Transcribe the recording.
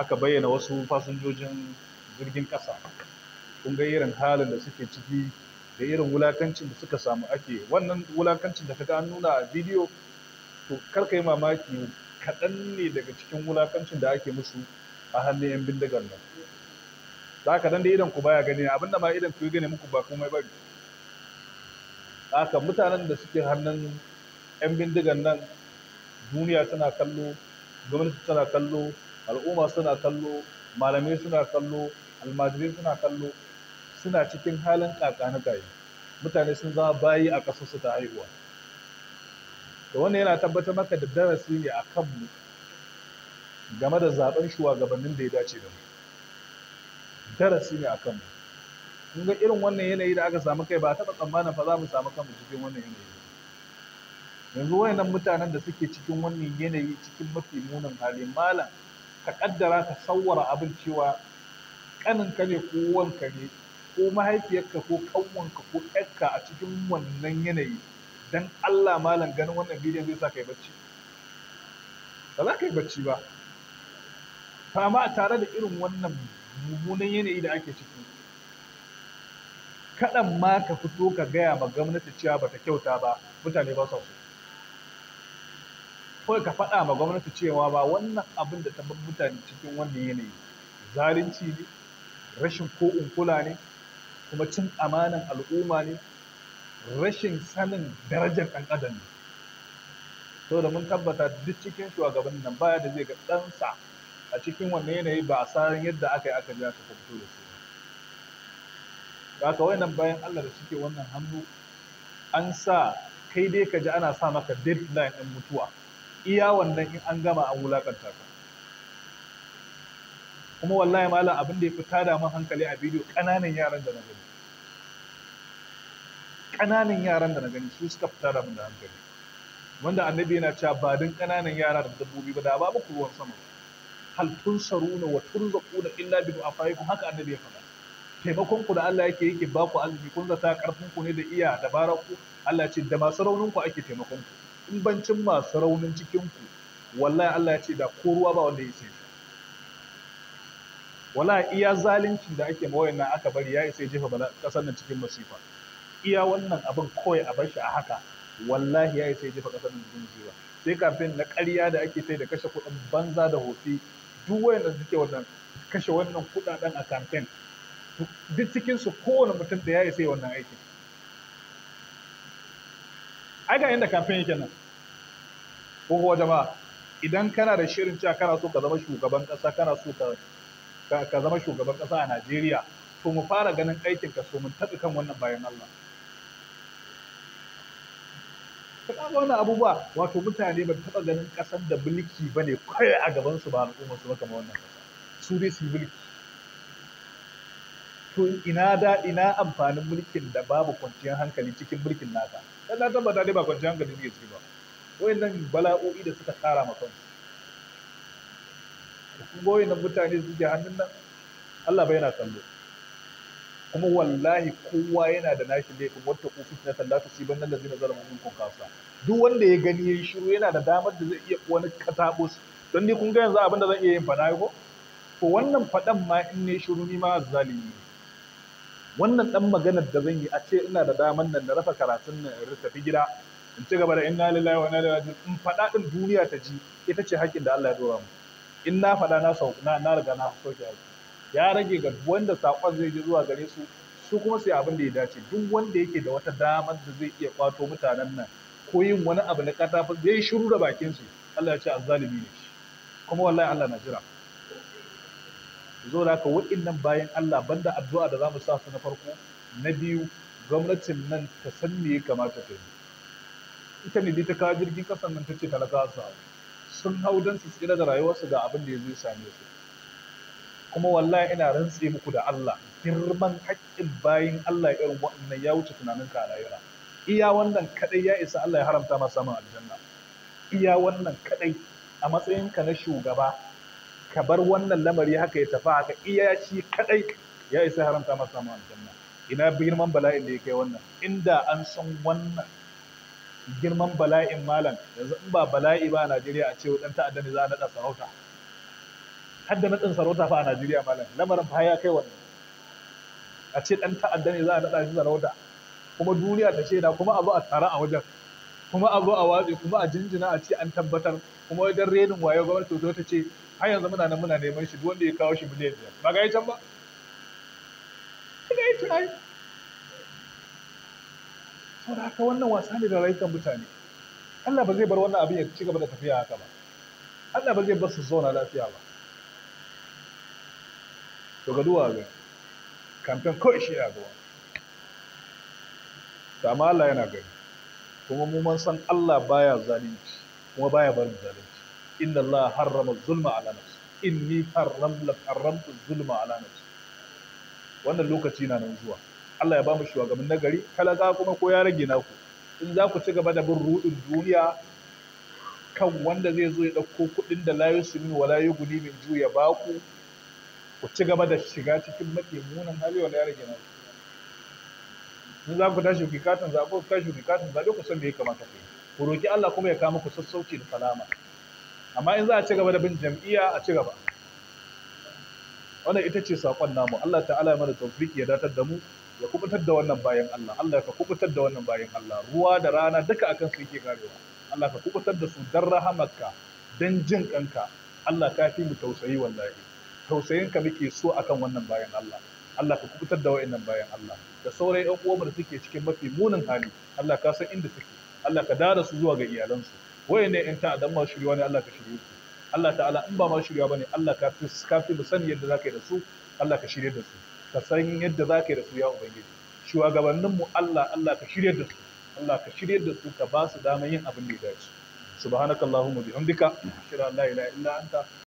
aka bayyana wasu fasinjojin jirgin kasa kun ga irin halin da suke ciki da irin wulakancin da suka samu ake wannan wulakancin da kaga an nuna a bidiyo to kar yi mamaki kaɗan ne daga cikin wulakancin da ake musu a hannun 'yan bindigar nan Za ka dande da idan ku baya gani abinda ma idan ku gani muku ba komai bari haka mutanen da suke hannun 'yan bindigar nan duniya tana kallo gwamnati tana kallo al'umma suna kallo malamai suna kallo almajirai suna kallo suna cikin halin kakanikayi mutane sun zama bayi a kasarsu ta haihuwa da wannan yana tabbatar maka da darasi ne a kanmu game da zaben shugabannin da ya dace da mu darasi ne a kanmu kun ga irin wannan yanayi da aka samu kai ba taɓa tsammanin fa za mu samu kanmu cikin wannan yanayi yanzu wayannan mutanen da suke cikin wannan yanayi cikin mafi munin hali malam ka kaddara ka sawara abin cewa kaninka ne ko wanka ne ko mahaifiyarka ko kanwanka ko ƴarka a cikin wannan yanayi dan Allah malam ganin wannan bidiyon zai sa kai bacci ba za ka yi bacci ba ma tare da irin wannan mummunan yanayi da ake ciki kaɗan ma ka fito ka gaya ma gwamnati cewa bata kyauta ba mutane ba sa su. kawai ka faɗa ma gwamnati cewa ba wannan abin da ta mutane cikin wannan yanayi zalunci ne rashin ko kula ne kuma cin amanan al'umma ne rashin sanin darajar ɗan adam ne saboda mun tabbata duk cikin shugabannin nan baya da zai ga ɗansa a cikin wannan yanayi ba a san yadda aka yi aka ja ka fito da su ba wai nan bayan Allah da suke wannan hannu an sa kai dai ka ji ana sa maka deadline ɗin mutuwa iya wannan in an gama an wulakanta ka kuma wallahi malam abin da ya fi tada min hankali a bidiyo kananan yaran da na gani ƙananan yaran da na gani su suka fita da min da hankali wanda annabi yana cewa ba din kananan yara da dabbobi ba da babu muku ruwan sama hal tunsaruna wa turzaquna illa bi du'afaikum haka annabi ya faɗa taimakon ku da Allah yake yake ba ku arziki kun zata karfin ku ne da iya dabarar ku Allah ce da masu raunin ku ake taimakon ku in bancin masu raunin cikin ku wallahi Allah ya ce da ko ruwa ba wanda ya sai wallahi iya zalincin da ake mawayan nan aka bari ya isa jefa bala kasar nan cikin masifa iya wannan abin kawai a bar shi a haka wallahi ya isa jefa kasar nan cikin masifa sai kafin na ƙarya da ake sai da kashe kuɗin banza da hofi duk da suke wannan kashe wannan kuɗaɗen a kamfen duk cikin su kowane mutum da ya yi sai wannan aikin ai ga inda kamfen yake nan ko kuwa jama'a idan kana da shirin cewa kana so ka zama shugaban kasa kana so ka zama shugaban kasa a Najeriya to mu fara ganin aikin ka so mun kan wannan bayan Allah ka wannan abubuwa wato mutane ba taɓa ganin ƙasar da mulki ba ne kawai a gabansu ba al'ummar su ba kamar wannan ƙasa su dai su yi mulki to ina da ina amfanin mulkin da babu kwanciyar hankali cikin mulkin naka dan na tabbata dai ba kwanciyar hankali ne ciki ba wayannan bala'o'i da suka tara ma kansu goyi nan mutane suke hannun nan Allah bai yana kallo kuma wallahi kowa yana da nashi laifin wata ofis na sallatu shi ban nan da zina mun kun kasa duk wanda ya gani ya shiru yana da damar da zai iya wani katabus don ni kun ga yanzu abinda zan iya yin fada ko to wannan fadan ma in ne shiru ni ma zalimi ne wannan dan maganar da zan yi a ce ina da daman nan da rafa karatun nan in tafi gida in ci gaba da inna lillahi wa inna ilaihi in faɗa din duniya ta ji ita ce haƙƙin da Allah ya dora mu in na faɗa na sau na na riga na sauke haƙƙi ya rage ga wanda saƙon zai je zuwa gare su su kuma sai abin da ya dace duk wanda yake da wata damar da zai iya kwato mutanen nan ko yin wani abu na katafa zai shiru da bakin su Allah ya ce azzalimi ne shi kuma wallahi Allah na jira zo da haka wa'innan bayan Allah banda addu'a da za mu sa su na farko na biyu gwamnatin nan ta san me ya kamata ta yi ita ne ta kawo jirgin kasan nan ta ce talaka su sun hau don su tsira da rayuwarsu ga abin da ya zai same su kuma wallahi ina rantse muku da Allah girman haƙƙin bayan Allah irin waɗannan ya wuce tunanin ka rayuwa iya wannan kadai ya isa Allah ya haramta ma samun aljanna iya wannan kadai a matsayinka na shugaba ka bar wannan lamari haka ya tafi haka iya shi kadai ya isa haramta masa samun aljanna ina girman bala'in da ya kai wannan inda an san wannan girman bala'in malam yanzu in ba bala'i ba a Najeriya a ce dan ta'adda ne za a nada sarauta hadda nadin sarauta fa a Najeriya malam lamarin fa ya kai wannan a ce dan ta'adda ne za a nada shi sarauta kuma duniya ta ce shaida kuma a zo a tara a wajen kuma a zo a watsi kuma a jinjina a ce an tabbatar kuma wajen renin wayo gwamnati ta ce har yanzu muna nan muna neman shi wanda ya kawo shi miliyan biyar ba ga can ba ina yi tunani da haka wannan wasa ne da rayukan mutane Allah ba zai bar wannan abin ya ci gaba da tafiya haka ba Allah ba zai bar su zauna lafiya ba to ga duwa ga kamfen ko shi ya gawa amma Allah yana gani kuma mu san Allah baya zalunci kuma baya barin zalunci inna Allah harrama zulma ala nafsi inni harramla haramtu zulma ala nafsi wannan lokaci na nan zuwa Allah ya ba mu shugaban nagari talaka kuma ko ya rage naku in za ku ci gaba da bin ruɗin duniya kan wanda zai zo ya ɗauko kuɗin da layu simin wa layu guni min ju ya ba ku ku ci gaba da shiga cikin mafi munin hali wanda ya rage naku in za ku tashi ku katin zaɓe ku tashi ku katin ku san me ya kamata ku yi ku roƙi Allah kuma ya kawo muku sassauci da salama amma in za a ci gaba da bin jam'iyya a ci gaba wannan ita ce saƙon namu Allah ta'ala mana tawfiki ya datar da mu ya kubutar da wannan bayan Allah Allah ka kubutar da wannan bayan Allah ruwa da rana duka akan su yake karewa Allah ka kubutar da su dan rahamarka dan jin kanka Allah ka fi mu tausayi wallahi Tausayin tausayinka muke so akan wannan bayan Allah Allah ka kubutar da wayannan bayan Allah da sauran ƴan uwanmu da suke cikin mafi munin hali Allah ka san inda suke Allah ka dara su zuwa ga iyalansu wayannan yan ta'addan ma shirya ne Allah ka shirye su Allah ta'ala in ba ma shirya bane Allah ka fi ka fi san yadda zaka yi da su Allah ka shirye da su ka san yadda zaka yi da su ya ubangiji shugabannin mu Allah Allah ka shirye da su Allah ka shirye da su ka ba su damar yin abin da ya dace subhanakallahumma bihamdika ashhadu an la ilaha illa anta